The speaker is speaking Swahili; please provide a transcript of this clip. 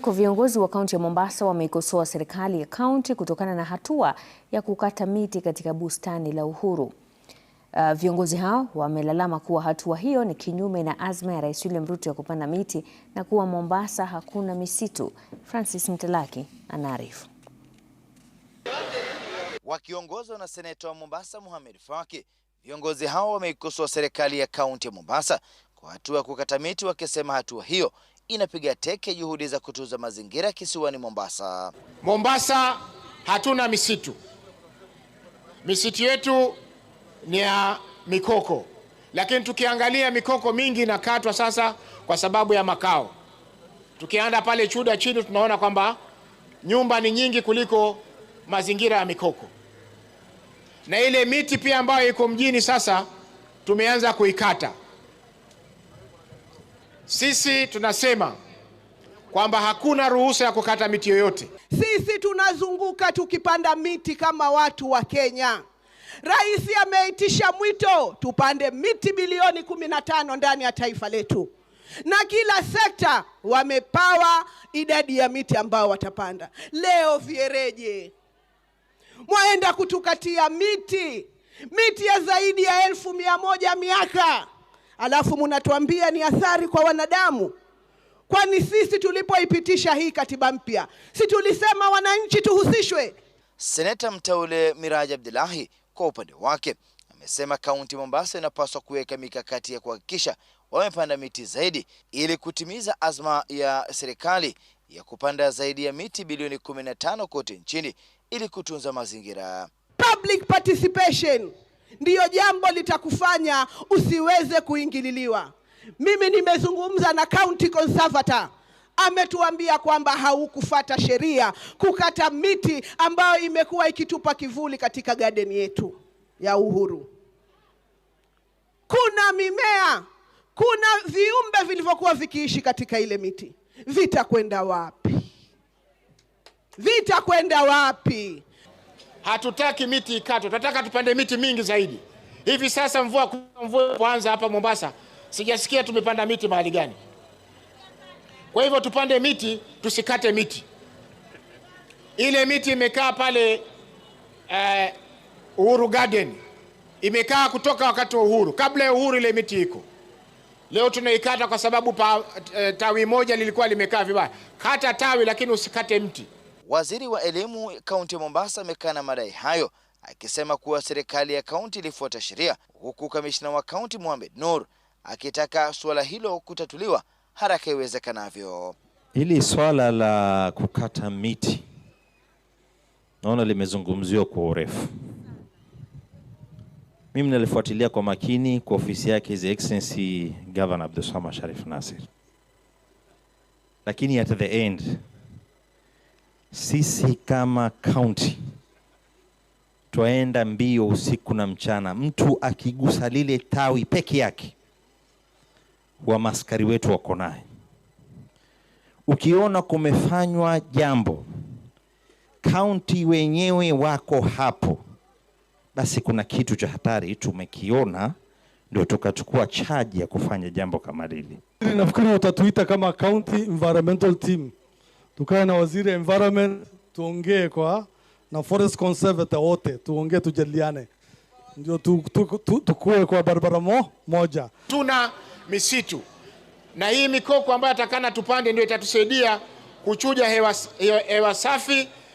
Kwa viongozi wa kaunti ya Mombasa wameikosoa serikali ya kaunti kutokana na hatua ya kukata miti katika bustani la Uhuru. Uh, viongozi hao wamelalama kuwa hatua hiyo ni kinyume na azma ya Rais William Ruto ya kupanda miti na kuwa Mombasa hakuna misitu. Francis Mtelaki anaarifu. Wakiongozwa na seneta wa Mombasa Mohamed Faki, viongozi hao wameikosoa serikali ya kaunti ya Mombasa kwa hatua ya kukata miti wakisema hatua hiyo inapiga teke juhudi za kutunza mazingira kisiwani Mombasa. Mombasa hatuna misitu, misitu yetu ni ya mikoko, lakini tukiangalia mikoko mingi inakatwa sasa kwa sababu ya makao. Tukianda pale Chuda chini, tunaona kwamba nyumba ni nyingi kuliko mazingira ya mikoko, na ile miti pia ambayo iko mjini sasa tumeanza kuikata sisi tunasema kwamba hakuna ruhusa ya kukata miti yoyote. Sisi tunazunguka tukipanda miti kama watu wa Kenya. Rais ameitisha mwito tupande miti bilioni 15 ndani ya taifa letu, na kila sekta wamepawa idadi ya miti ambao watapanda. Leo viereje mwaenda kutukatia miti miti ya zaidi ya elfu mia moja miaka alafu munatuambia ni athari kwa wanadamu. Kwani sisi tulipoipitisha hii katiba mpya, si tulisema wananchi tuhusishwe? Seneta mteule Miraji Abdullahi kwa upande wake amesema kaunti Mombasa inapaswa kuweka mikakati ya kuhakikisha wamepanda miti zaidi ili kutimiza azma ya serikali ya kupanda zaidi ya miti bilioni 15 kote nchini ili kutunza mazingira. Public participation ndiyo jambo litakufanya usiweze kuingililiwa. Mimi nimezungumza na county conservator ametuambia kwamba haukufata sheria kukata miti ambayo imekuwa ikitupa kivuli katika garden yetu ya Uhuru. Kuna mimea, kuna viumbe vilivyokuwa vikiishi katika ile miti, vitakwenda wapi? Vitakwenda wapi? hatutaki miti ikatwe, tunataka tupande miti mingi zaidi. Hivi sasa mvua mvua kuanza hapa Mombasa, sijasikia tumepanda miti mahali gani. Kwa hivyo tupande miti, tusikate miti. Ile miti imekaa pale eh, Uhuru Garden imekaa kutoka wakati wa uhuru, kabla ya uhuru ile miti iko. Leo tunaikata kwa sababu pa, eh, tawi moja lilikuwa limekaa vibaya. Kata tawi, lakini usikate mti. Waziri wa elimu kaunti ya Mombasa amekana madai hayo akisema kuwa serikali ya kaunti ilifuata sheria, huku kamishna wa kaunti Mohamed Nur akitaka suala hilo kutatuliwa haraka iwezekanavyo. Hili swala la kukata miti naona limezungumziwa kwa urefu. Mimi nalifuatilia kwa makini kwa ofisi yake His Excellency Governor Abdulswamad Sharif Nasir, lakini at the end sisi kama kaunti twaenda mbio usiku na mchana. Mtu akigusa lile tawi peke yake, wa maskari wetu wako naye. Ukiona kumefanywa jambo, kaunti wenyewe wako hapo, basi kuna kitu cha hatari tumekiona, ndio tukachukua chaji ya kufanya jambo kama lile. Nafikiri utatuita kama county environmental team tukae na waziri environment, tuongee kwa na forest conservator wote, tuongee tujadiliane, ndio tukue kwa barabara mo, moja. Tuna misitu na hii mikoko ambayo atakana tupande ndio itatusaidia kuchuja hewa, hewa, hewa safi.